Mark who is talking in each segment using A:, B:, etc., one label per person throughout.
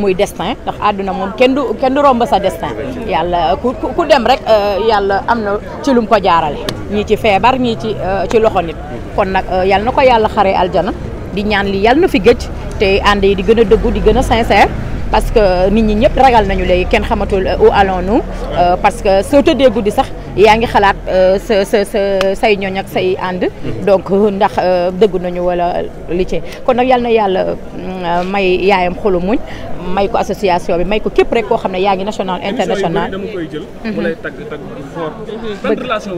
A: muy destin ndax àdduna moom kenn du kenn du romb sa destin yàlla ku ku dem rek euh, yàlla am na ci lum ko jaarale ñii ci feebar ñi ci euh, ci loxo nit kon nag euh, yàlla na ko yàlla xaree aljana di ñaan li yàlla na fi gëj te ànd yi di gën a dëggu di gën a sincère parce que nit ñi ñëpp ragal nañu léegi kenn xamatul euh, où allons euh, parce que soo tëddee guddi sax yaa ngi xalaat euh, sa say ñooñ ak say ànd mhm. donc ndax dëgg nañu wala li ci kon nag yàlla na yàlla may yaayam xolu muñ may ko association bi may ko képp rek koo xam ne yaa ngi national international dama koy jël mhm. mu lay tagg tagg bu fort ban relation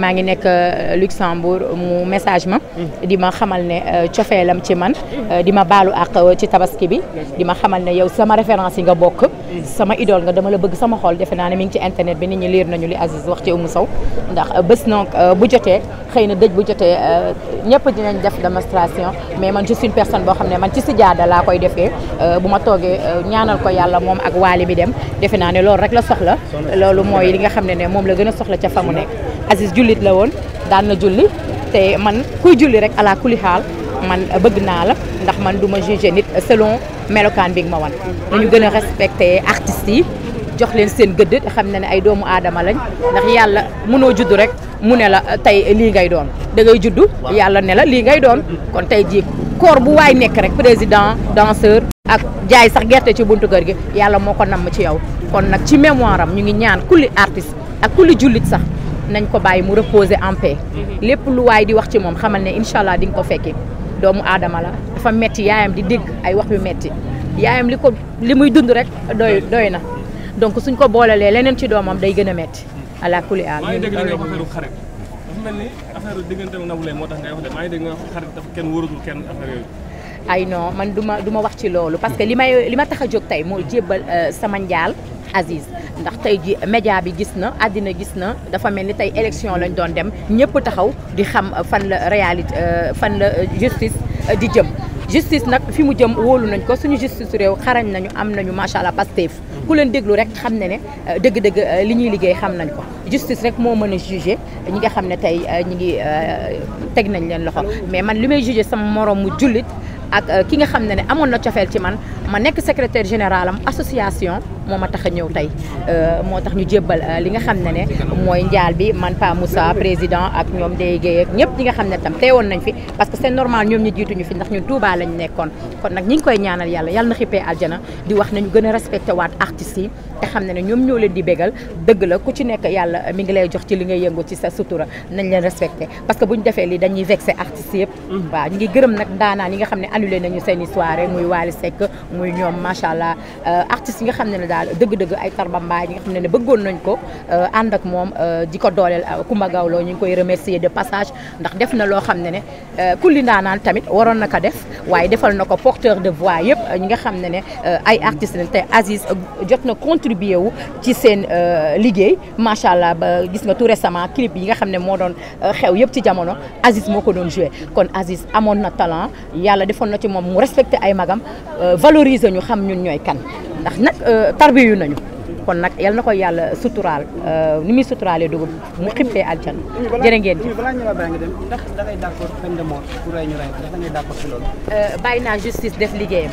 A: maa ngi nekk Luxembourg mu message ma mhm. di ma xamal ne euh, cofeelam ci man euh, di ma baalu àq euh, ci tabaski bi di ma xamal ne yow sama référence yi nga bokk sama idole nga dama la bëgg sama xol defe naa ne mi ngi ci internet bi nit ñi liir nañu li Aziz wax ci Oumou Sow ndax bés donc bu jotee xëy na dëj bu jotee ñëpp dinañ def démonstration mais man je suis personne boo xam ne man ci si jaada laa koy defee bu ma toogee ñaanal ko yàlla moom ak waali bi dem defe naa ne loolu rek la soxla loolu mooy li nga xam ne ne moom la gën a soxla ca fa mu te man kuy julli rek ala kuli xaal man bëgg naa la ndax man du ma jugé nit selon melokaan bi nga ma wan. nañu gën a respecté artistes yi jox leen seen gëdd xam na ne ay doomu aadama lañ ndax yàlla mënoo judd rek mu ne la tey lii ngay doon da ngay judd. yàlla ne la lii ngay doon kon tey jii koor bu waay nekk rek président danseur. ak jaay sax gerte ci buntu kër gi yàlla moo ko namm ci yow kon nag ci mémoire ñu ngi ñaan kulli artiste ak kulli jullit sax. nañ ko bàyyi mu reposer en paix. Mhm. lépp lu waay di wax ci moom xamal ne incha allah di nga ko fekkee doomu aadama la dafa metti yaayam di dégg ay wax yu metti yaayam li ko li muy dund rek doy doy na donc suñ ko boolelee leneen ci doomam day gën a metti ala kulli aal. maa ngi dégg moo tax ngay wax xarit dafa kenn wóoratul kenn affaire yooyu. ay non man duma ma du ma wax ci loolu parce que li may li ma tax a jóg tey moo jébbal euh, sama njaal Aziz ndax tey ji média bi gis na àddina gis na dafa mel ni tey élection lañ doon dem ñëpp taxaw di xam fan la réalité euh, fan la euh, justice di jëm justice nag fi mu jëm woolu nañ ko suñu justice réew xarañ nañu am nañu macha allah Pastef ku leen déglu rek xam ne ne dëgg-dëgg li ñuy liggéey xam nañ ko justice rek moo mën a jugé ñi nga xam ne tey ñi ngi teg nañ leen loxo mais man li may jugé sama moroom mu ak euh, ki nga xam ne ne amoon na cofeel ci man ma nekk secrétaire général am association moo ma tax a ñëw tey euh, moo tax ñu jébbal euh, li nga xam ne ne mooy njaal bi man Pa Moussa président ak ñoom day géey ak ñëpp nga xam ne tam teewoon nañ fi parce que c'est normal ñoom ñu jiituñu fi ndax ñu Touba lañ nekkoon kon nag ñi ngi koy ñaanal yàlla yàlla na xippee aljana di wax nañu gën a waat artistes yi te xam ne ne ñoom ñoo leen di bégal dëgg la ku ci nekk yàlla mu ngi lay jox ci li ngay yëngu ci sa sutura nañ leen respecté parce que bu ñu defee lii dañuy vexé artistes yëpp waaw ñu ngi gërëm nag daanaan euh, yi daal dëgg-dëgg ay tarbambaay yi nga xam ne ne bëggoon nañ ko euh, ànd ak moom euh, di ko dooleel euh, Coumba Gawlo ñu ngi koy remercier de passage ndax def na loo xam ne ne kulli ndaanaan tamit waroon na ko def waaye defal na ko porteur de voix yëpp ñi nga xam ne ne ay artistes lañ te Aziz jot na contribuer wu ci seen liggéey macha allah ba gis nga tout récemment clip yi nga xam ne moo doon xew yëpp ci jamono Aziz moo ko doon joué kon Aziz amoon na talent yàlla defoon na ci moom respecté ay magam valoriser ñu xam ñun ñooy kan ndax nag euh, tarbiyu nañu kon nag yal na ko yàlla suturaal euh, ni muy suturaalee dugub mu xippee aljan jërë ngeen jëf
B: balaa ñu la bàyyi nga dem ndax da
A: euh, naa justice def liggéeyam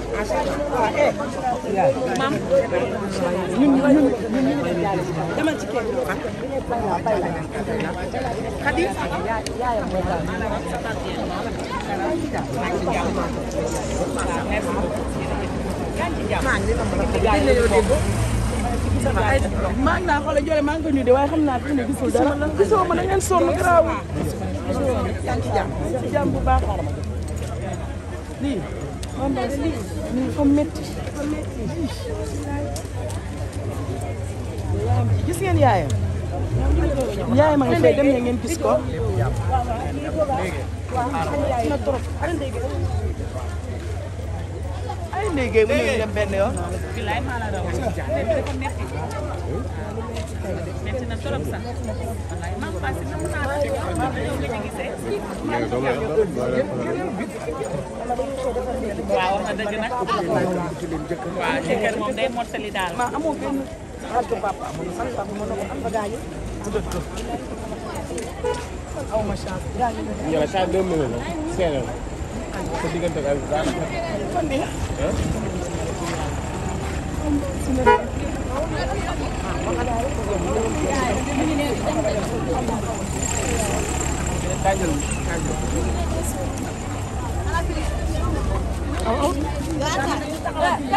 A: maam ci kër Xadi maa ngi naa xoolee jole maa ngi de waaye xam naa fi ne gisul dara gisoo ma da ngeen sonn garaaw yaa lii
B: man daal lii nii fa métti fa métti
A: yaayam ji gis ngeen yaayam yaayam a ngi fay dem ngeen gis ko na trop ay ndéygéey bu ñëwee dem benn yoon. bilaay maa la raw dafa metti metti na trop sax wallaay maa passé na mën naa la gisee.
B: waaw wax na dëgg nag. waaw jëkkër moom day
A: mottali daal. maa amoo benn xaritu papa amoon xaritu papa mën na ko am ba gaañu. aw ma chance. yàlla
B: saa deux minutes la seeral sa diggante ak Aziz daa
A: waaw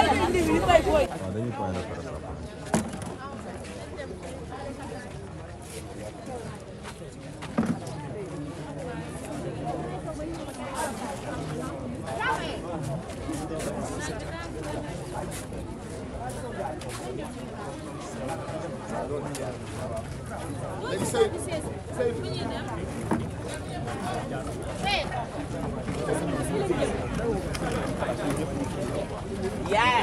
A: dañuy point de presse
B: léegi sëy sëy yaa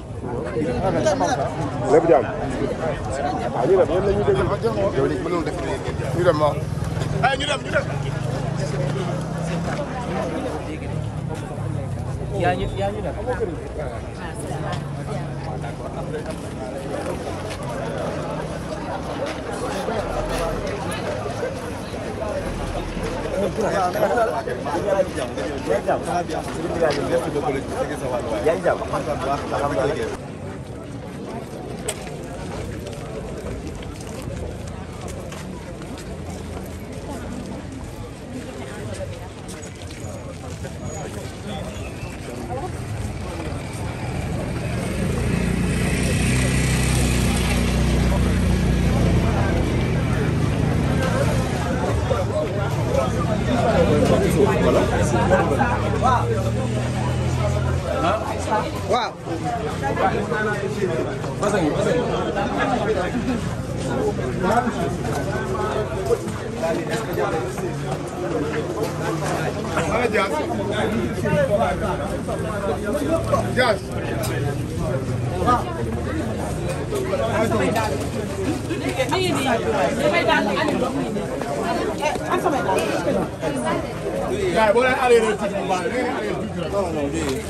B: lépp jàmm. waaw ah, ñu dem yéen la ñuy déglu. yow léegi mënul def ñu dem waaw. Ah, ñu dem ñu dem. yaa ngi jàmm waaw. ana Dias Dias waaw. gars yi boo leen arrêté tuuti bu baax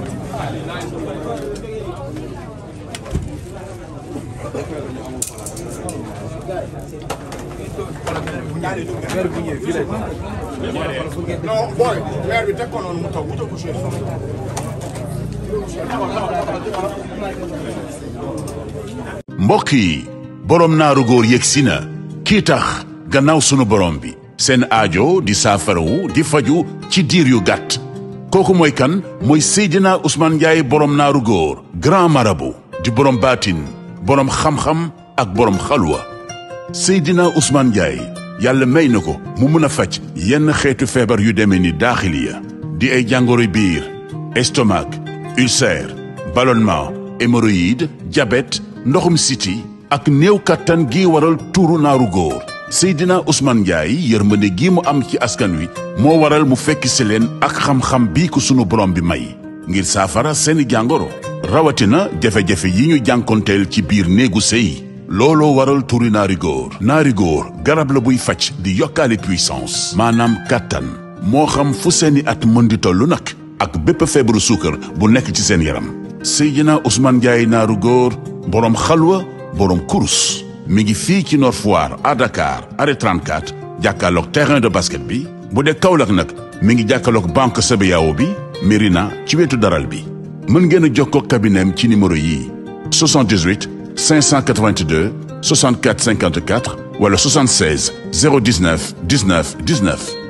B: weer mbokk yi boroom naaru góor yëgsi na kii tax gannaaw sunu boroom bi seen aajo di saafarawu di faju ci diir yu gàtt kooku mooy kan mooy Seydina usmaan Ndiaye borom naaru góor grand marabout di borom baatin borom xam-xam ak borom xalwa Seydina usmaan Ndiaye yàlla may na ko mu mën a faj yenn xeetu feebar yu demee ni daaxiliya di ay jàngoro biir estomac ulcère ballonnement hémorroïde diabète ndoxum siti ak néew kattan gi waral tuuru naaru góor Seydina Ousmane Ndiaye yërmande gi mu am ci askan wi moo waral mu fekk si leen ak xam-xam bii ko sunu borom bi may ngir saafara seeni jàngoro rawatina jafe-jafe yi ñuy jànkonteel ci biir néegu sëy looloo waral turi naari góor naari góor garab la buy faj di yokkaale puissance maanaam kàttan moo xam fu seeni at mën di toll nag ak bépp feebaru suukar bu nekk ci seen yaram Seydina Ousmane Ndiaye naaru góor boroom xalwa boroom kurus mi ngi fii ci Nord Foire à Dakar arrêt terrain de basket bi bu dee Kaolack nag mi ngi jàkkaarloog bank CBAO bi Merina ci wetu daral bi. mën ngeen a jokkoo kabinem ci numéro yii 78 582 64 54 wala 76 019 19 19.